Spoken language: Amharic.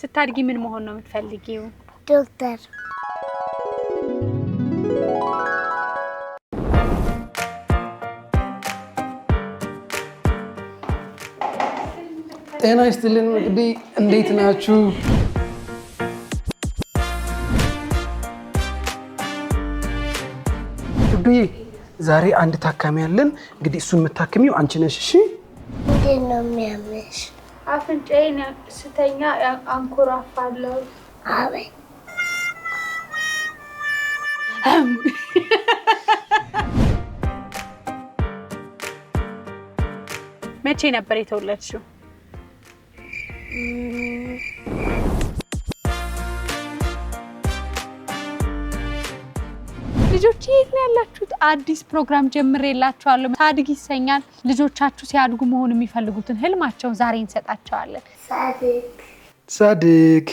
ስታድጊ ምን መሆን ነው የምትፈልጊው? ዶክተር። ጤና ይስጥልን እንግዲህ እንዴት ናችሁ? ዱዬ ዛሬ አንድ ታካሚ ያለን እንግዲህ እሱን የምታክሚው አንቺ ነሽ። እሺ። ምንድን ነው የሚያምሽ? አፍንጫዬን ስተኛ አንኮራፋለሁ። አቤት መቼ ነበር የተወለድሽው? ልጆች የት ነው ያላችሁት? አዲስ ፕሮግራም ጀምሬላችኋለሁ። ታድግ ይሰኛል። ልጆቻችሁ ሲያድጉ መሆን የሚፈልጉትን ህልማቸውን ዛሬ እንሰጣቸዋለን። ሳድግ ሳድግ